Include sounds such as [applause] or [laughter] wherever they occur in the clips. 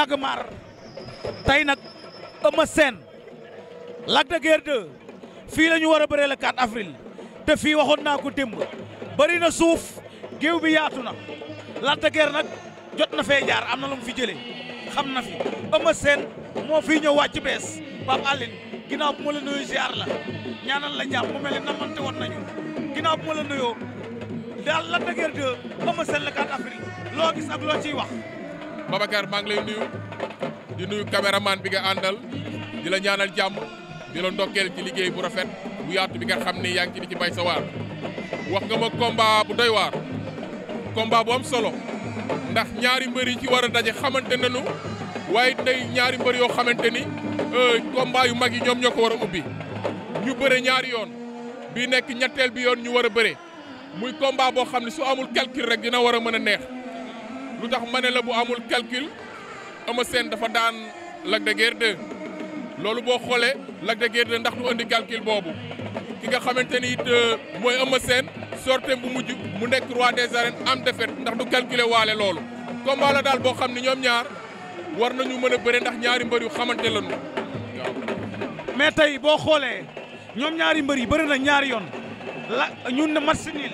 yàgg maar tey nag Eumeu Sène Lac fii la war a bëre le 4 avril te fii waxoon naa ko démb bëri na suuf géew bi yaatu na Lac de nag jot na fee jaar am na lu mu fi jëlee xam na fi Eumeu Sène moo fii ñëw wàcc bees Pape Aline ginnaaw bu ma la nuyu ziar la ñaanal la jàmm mu mel ni namante woon nañu ginnaaw bu ma la nuyoo daal Lac de Guiers 2 Eumeu Sène le 4 loo gis ak loo ciy wax Babacar maa ngi lay nuyu di nuyu caméraman bi nga àndal di la ñaanal jàmm di la ndokkeel ci liggéey bu rafet bu yaatu bi nga xam ni yàng ngi ci di ci bay sa waar. wax nga ma combat bu doy waar combat bu solo ndax ñaari mbër yi ci war a daje xamante nañu waaye day ñaari mbër yoo xamante ni euh, combat yu mag yi ñoom ñoo ko war a ubbi ñu bëre ñaari yoon bi nekk ñetteel bi yoon ñu war a bëre muy combat boo xam ne su amul calcul rek dina war a mën a neex. lu tax ma la bu amul calcul Eumeu Sène dafa daan Lac de loolu boo xoolee Lac de ndax du andi calcul boobu ki nga xamante ni it euh, mooy Eumeu Sène sorte bu mujj mu nekk roi des arènes am défaite ndax du calculer waale loolu. combat la daal boo xam ne ñoom ñaar war nañu mën a bëre ndax ñaari mbër yu xamante lañu waaw. mais tey boo xoolee ñoom ñaari mbër yi bëri na ñaari yoon la ñun na match nul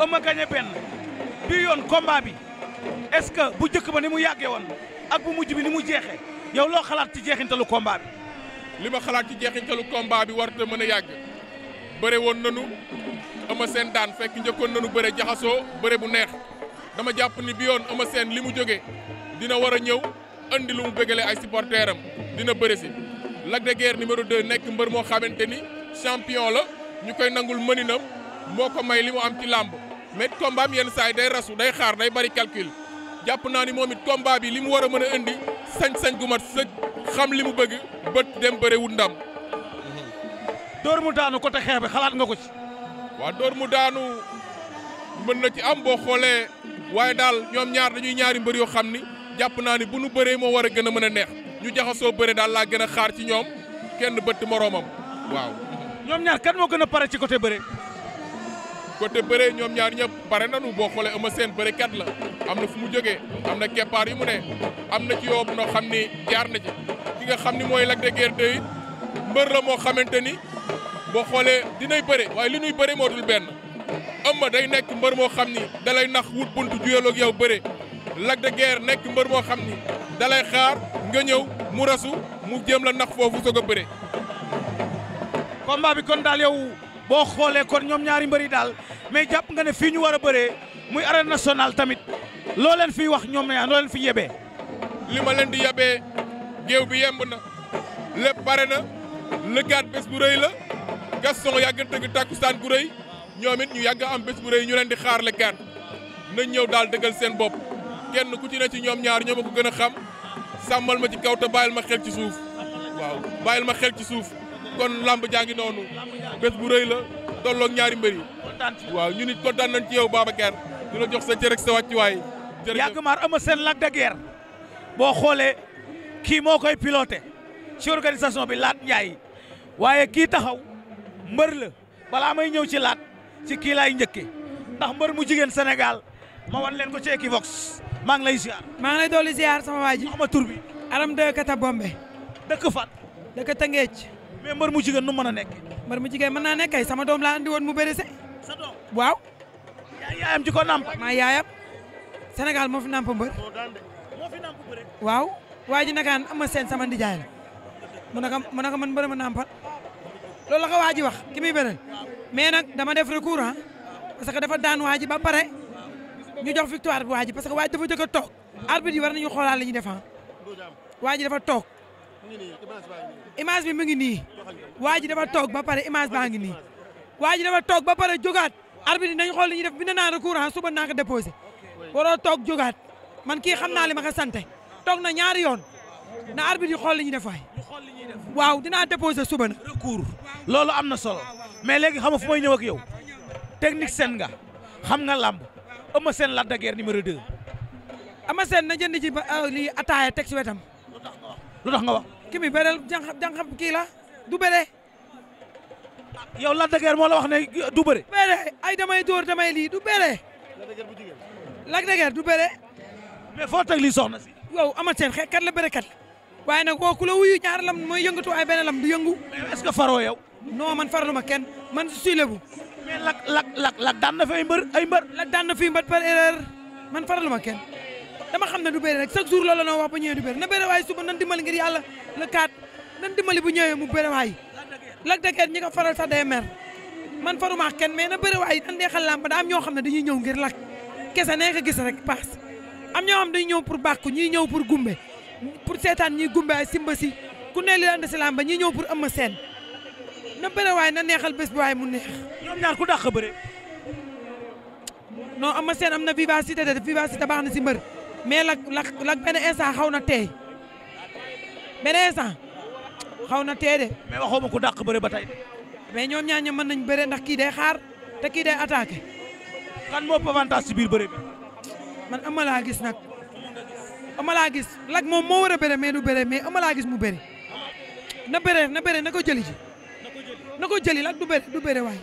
Eumeu benn bi yoon combat bi. est-ce que bu njëkk ba ni mu yàggee woon ak bu mujj bi ni mu jeexee yow loo xalaat ci jeexintalu combat bi. li ma xalaat ci jeexintalu combat bi warta mën a yàgg bëre woon nanu ama seen daan fekk njëkkoon nanu bëre jaxasoo bëre bu neex dama jàpp ni bi yoon ama seen li mu jóge dina war a ñëw indi lu mu bëggalee ay supporteram dina bëre si. Lac de Guiers numéro 2 nekk mbër moo xamante ni champion la ñu koy nangul mëninam moo ko may li mu am ci làmb. mais combat am yenn saa yi day rasu day xaar day bari calcul jàpp naa ni moom it combat bi li mu war a mën a indi sañ-sañ gu mat sëg xam li mu bëgg bët dem bëre wu ndam. dóor mu daanu côté xeex bi xalaat nga ko ci. waa dóor mu daanu mën na ci am boo xoolee waaye daal ñoom ñaar dañuy ñaari mbër yoo xam ni jàpp naa ni bu nu bëree moo war a gën a mën a neex ñu jaxasoo bëre daal laa gën a xaar ci ñoom kenn bëtt moroomam waaw. ñoom ñaar kan moo gën a pare ci côté bëre. côté bëre ñoom ñaar ñëpp bare nanu boo xoolee Eumeu bëre kat la am na fu mu jógee am na keppaar yu mu ne am na ci yoobu noo xam ni jaar na ci ki nga xam ni mooy Lac de Guiers 2 mbër la moo xamante ni boo xoolee dinay bëre waaye li ñuy bëre moo dul benn Eumeu day nekk mbër moo xam ni dalay nax wut buntu juyaloog yow bëre Lac de Guiers nekk mbër moo xam ni dalay xaar nga ñëw mu rasu mu jéem la nax foofu soog a bëre combat bi kon daal yow boo xoolee kon ñoom ñaari mbëri daal mais jàpp nga ne fii ñu war a bëree muy na sonal tamit loo leen fiy wax ñoom ñaar loo leen fi yebee li ma leen di yebee géew bi yemb na lépp pare na lëggaat bés bu rëy la Gaston yàgg tëgg tàkkusaan gu rëy ñoom it ñu yàgg am bés bu rëy ñu leen di xaar lëggaat nañ ñëw daal dëggal seen bopp kenn ku ci ne ci ñoom ñaar ñoo ma ko gën a xam sàmbal ma ci kaw te bàyyil ma xel ci suuf waaw bàyyil ma xel ci suuf kon làmb jaa ngi noonu bés bu rëy la tolloog ñaari mbër yi waaw ñu nit kontaan nañ ci yow Babacar di la jox sa cër ak sa wàccuwaay yàgg maar ama seen Lac de boo xoolee kii moo koy piloté ci organisation bi Laat Ndiaye waaye kii taxaw mbër la balaa may ñëw ci laat ci kii laay njëkke ndax mbër mu jigéen Sénégal ma wan leen ko ci Equivox maa ngi lay ziar. maa ngi lay dolli ziar sama waa ji. ma tur bi. aram de kata bombe. dëkk fan. dëkk Tëngéej. mais mbër mu jigéen nu mën a nekk mbër mu jigéen mën naa nekk kay sama doom laa andi woon mu bëri se sa yaayam ci ko nàmp maa yaayam Sénégal moo fi namp mbër waaw waa ji nakaan am na seen sama ndijaay la mu naka mu naka man mbër ma nampal loolu la ko waa ji wax ki muy bëral mais nag dama def recours ah parce que dafa daan waa ji ba pare ñu jox victoire bi waa ji parce que waa ji dafa jëkk a toog arbitre yi war nañu xoolaat li ñuy def ah. waa ji dafa toog image bi mu ngi nii waa ji dafa toog ba pare image baa ngi nii waa ji ba toog ba pare jógaat arbitre nañ xool li ñuy def bi na naa recourant ah suba naa ko déposé waroo toog jógaat man kii xam naa li ma ko sante toog na ñaari yoon na arbitre yi xool li ñuy def waay waaw dinaa déposé suba na recours loolu am na solo mais léegi xam nga fu may ñëw ak yow technique seen nga xam nga làmb ama sen Lac de ni numéro 2 ama seen na jënd ci euh, lii ataaya teg ci wetam lu tax nga wa ki mi beneen jànq kii la du bëre. yow Lac de moo la wax ne du bëre. ay damay dóor damay lii du bëre. Lac de du bëre. mais foo teg lii soxna si. waaw amat seen xeex kat la bëre kat waaye nag koo ku la ñaar lam mooy yëngatu ay benn lam du yëngu. mais est-ce que faroo yow. non man far lu ma kenn man su lebu mais Lac Lac Lac Lac daan na fi ay mbër ay mbër. Lac daan na fi mbër par erreur man faraluma kenn. dama xam ne du bëri rek chaque jour loolu la wax ba ñëwee du bëri na bëri waay suba nan dimbali ngir yàlla le 4 nan dimbali bu ñëwee mu bëri waay Lac de Guiers ñi ko faral sa day mer man faruma kenn mais na bëri waay nan neexal xel lamb da am ñoo xam ne dañuy ñëw ngir Lac kese nee nga gis rek paas am ñoo xam dañuy ñëw pour bàkku ñiy ñëw pour gumbe pour seetaan ñiy gumbe ay simba si ku ne li la andi si lamba ñiy ñëw pour ëmm seen na bëre waay na neexal bés bi waaye mu neex. ñoom ñaar ku dàq bëre. non ëmm seen am na vivacité de vivacité baax na si mbër. mais lag lak lak benn instant xaw na tey benn instant xaw na tey de. mais waxoo ma ku daq bëre ba tey de. mais ñoom ñaar ñoom mën nañ bëre ndax kii day xaar te kii day attaqué. kan moo avantage ci biir bëre bi. man ama laa gis nag ama laa gis lak moom moo war a bëre mais du bëre mais ama laa gis mu bëre. na bëre na bëre na ko jëli ji. na ko jëli lak du bëre du bëre waay.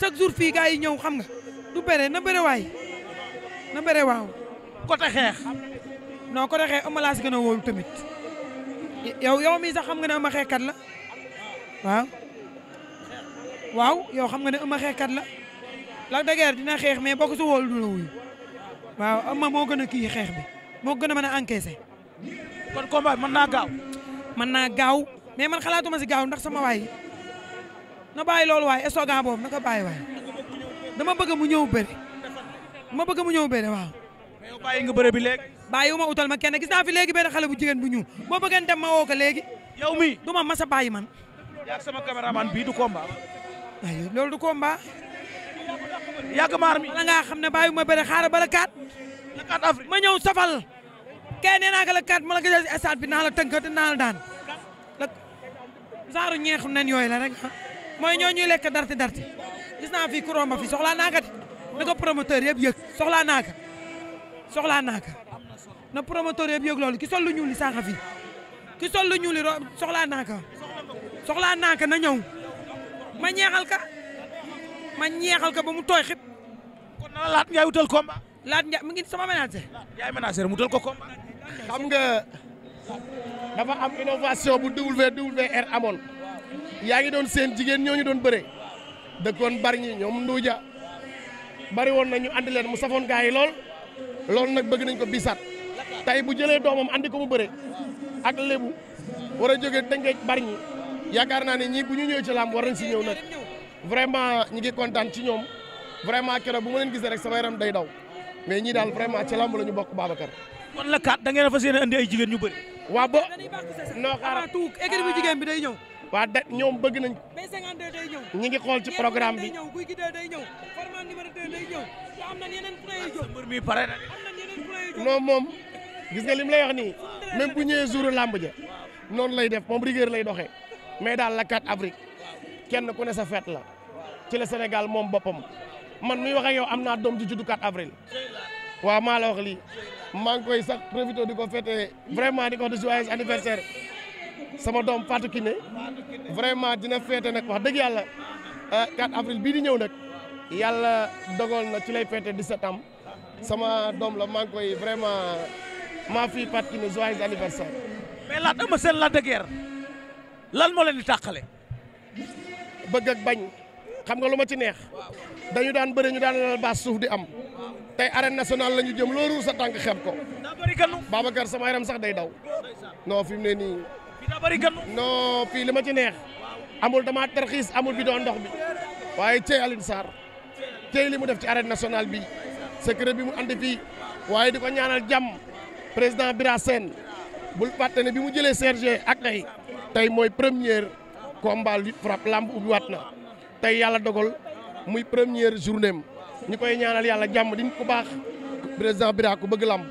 chaque jour fii gars yi ñëw xam nga du bëre na bëre waay na bëre waaw. côté xeex non côté xeex Eumeu laa si gën a wóolu tamit yow yow mii sax xam nga ne Eumeu xeexkat la waaw waaw yow xam nga ne Eumeu xeexkat la Lac de dina xeex mais boo ko si wóolu du la wuyu waaw Eumeu moo gën a kii xeex bi moo gën a man a encaisser. kon mën naa gaaw. mën naa gaaw mais man xalaatuma si gaaw ndax sama waay na bàyyi loolu waay estogan boobu na ko bàyyi waay dama bëgg mu ñëw bëri dama bëgg mu ñëw bëri waaw. mais yow bàyyi nga bëre bi léegi. bàyyiwuma utal ma kenn gis naa fi léegi benn xale bu jigéen bu boo bëggeen dem ma woo ko léegi. yow mi du ma mas a bàyyi man. sama caméraman bii du combat. aywa loolu du combat. yàgg maar mi. wala ngaa xam ne bàyyi ma bëre xaaral ba la kaat. ma ñëw safal. kee nee naa ko la kaat ma la gisee si bi naa la tënk te naa la daan. la saaru ñeexu nen yooyu la rek ah. mooy ñoo ñuy lekk darti darti gis naa fi ku naa ko de. na ko promoteur yëpp yëg soxlaa naa ko soxlaa naa na promoteur yëpp yëg loolu ki sol lu ñuul li sànq fii ki sol lu ñuul li soxlaa naa ko soxlaa naa ko na ñëw ma ñeexal ka ma ñeexal ba mu tooy xib. kon nan laat ngay wutal combat. laat nga mu ngi sama ménager. yaay ménager mu wutal ko combat. xam nga dafa am innovation bu WWR amoon yaa ngi doon seen jigéen ñoo ñu doon bëre dëkkoon bari ñi ñoom Nduuja bari woon na ñu andi leen mu safoon gaa yi lool. loolu nag bëgg nañ ko bisaat tey bu jëlee doomam andi ko mu bëre ak lébu war a jógee tënkeej bari ñi yaakaar naa ne ñii bu ñu ñëwee ci làmb war nañ si ñëw nag vraiment ñi ngi kontaan ci ñoom vraiment keroog bu ma leen gisee rek sama yaram day daw mais ñii daal vraiment ci làmb la ñu bokk Babacar. kon la kat da ngeen a fas yéene ñu bëri. waaw ba noo xaaral tout équipe bu jigéen bi day ñëw. waa da ñoom bëgg nañ B52 ñi ngi xool ci programme bi ñëw gi day ñëw format day ñëw te am nañ yeneen plan yu na am nañ yeneen plan yu moom gis nga lim lay wax nii même bu ñëwee jour làmb ja noonu lay def moom rigueur lay doxee mais daal la 4 avril kenn ku ne sa fête la ci la Sénégal moom boppam man muy wax ak yow am naa doom ju juddu 4 avril waaw maa la wax lii maa ngi koy sax profité di ko fêté vraiment di ko de joyeux anniversaire sama doom Fatou Kiné vraiment dina feete nag wax dëgg yàlla 4 ah, avril bii di ñëw nag yàlla dogal na ci lay feete 17 ans sama doom la maa ngi koy vraiment maa fii Fatou Kiné joyeux anniversaire. mais laat ama seen la de lan moo leen di tàqale. bëgg ak bañ xam nga lu ma ci neex dañu daan bëri ñu daan lal baas suuf di am tey arène nationale la ñu jëm loolu sa tànk xeeb ko. Babacar sama yaram sax day daw non fi ne nii. bi daa bëri gan. li ma ci neex. amul dama tarxiis amul bidon ndox bi. waaye tey Alioune Sarr. tey li mu def ci arène nationale bi. secret bi mu andi fii. waaye di ko ñaanal jàmm. président Bira Sène. bul fàtte bi mu jëlee CRG ak tey. tey mooy première. combat lutte frappe lamb ubbi waat na. tey yàlla dogal. muy première journée am. ñu koy ñaanal yàlla jàmm di ko baax. président Bira ku bëgg làmp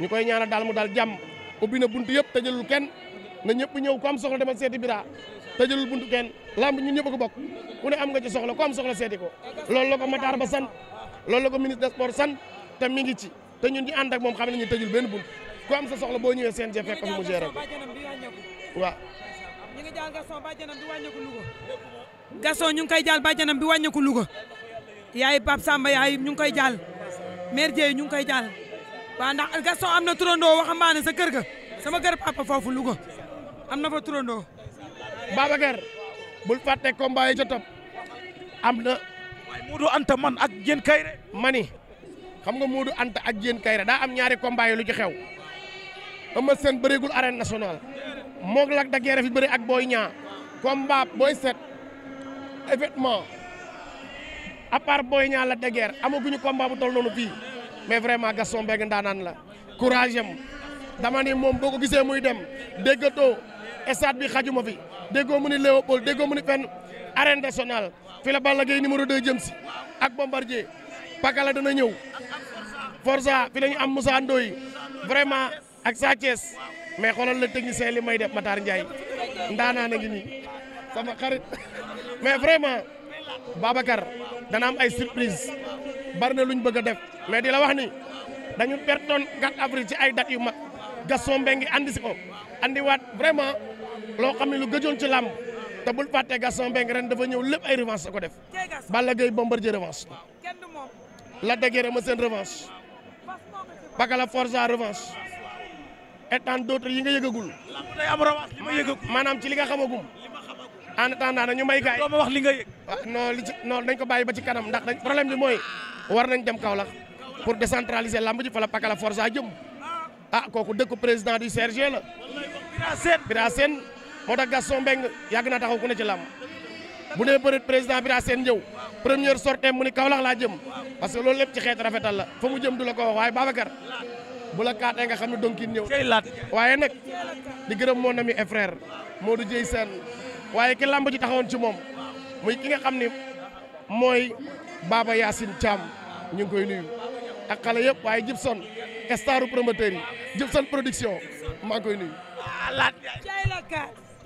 ñu koy ñaanal daal mu daal jàmm. ubbi na buntu yëpp tëjalul kenn. na ñëpp ñëw ko am soxla demal seeti bira tëjalul buntu kenn lamb ñun ñëpp ko bokk ku ne am nga ci soxla ko am soxla seeti ko loolu la ko Matar Ba san lool la ko ministre des sports san te mi ngi ci te ñun ñi ànd moom xam ne ñu tëjul benn bunt ko am sa soxla boo ñëwee CNG fekk ko fi mu géré waaw ñu ngi jaal Gaston bàjjanam bi wàññeeku Louga Gaston ñu ngi koy jaal bàjjanam bi wàññeeku Louga yaay Pape Samba yaay ñu ngi koy jaal mère Dieye ñu ngi koy jaal waa ndax Gaston am na turandoo waxambaane sa kër ga sama kër papa Louga am na fa turandoo. Babacar bul fàtte combat yi am na. waaye Moodu Anta man ak Diène Kaïré. mani xam nga Moodu Anta ak Diène Kaïré daa am ñaari combat yi lu ci xew. Eumeu Sène bëreegul arène nationale moog Lac de Guiers fi bëri ak Boy ñaa combat booy set événement à part Boy la Lac de Guiers amaguñu combat bu toll noonu fii mais vraiment Gaston Mbengue ndaanaan la courage am dama ni ko gisee muy dem déggatoo stade bi xajuma fi déggoo mu ni Léopold déggoo mu ni fenn arène nationale fi la Balla Gaye numéro 2 jëm si ak Bombardier Pakala dana ñëw Forza sa la ñu am Moussa Ndoye vraiment ak Sa Thiès mais xoolal la technicien li may def Matar Ndiaye ndaanaa na ngi nii sama xarit [laughs] mais vraiment Babacar dana am ay surprise bari na luñ bëgg a def mais di la wax ni dañu pertoon 4 avril ci ay dates yu mag Gaston Mbengue andi si ko andi waat vraiment loo xam ne lu gëjoon ci làmp te bul fàtte Gaston Mbengue ren dafa ñëw lépp ay revanche da ko def Balla Gaye Bombardier revanche la déguére ma seen revanche Pakala Forza revanche et tant d'autres yi nga yëgagul maanaam ci li nga xamagum en attendant na ñu may gaay doo ma wax noo nga yëg non li ci non dañ ko bàyyi ba ci kanam ndax dañ problème bi mooy war nañ dem Kaolack pour décentraliser lamb ji fa la Pakala Forza jëm ah. ah kooku dëkku président du CRG la Bira Sène moo tax Gaston Mbengue yàgg na taxaw ku ne ci làmb bu nee bëreet président Bira Sène ñëw première sortie mu ni lax laa jëm parce que loolu lépp ci xeet rafetal la fa mu jëm du la ko wax waaye Babacar bu la kaatee nga xam ne donkin ñëw waaye nag di gërëm moo na mi et moo Modou Dieye seen waaye ki làmb ji taxawoon ci moom muy ki nga xam ne mooy Baba Yacine Thiam ñu ngi koy nuyu ak xale yëpp waaye Gibson staru promoteur yi Gibson production maa ngi koy nuyu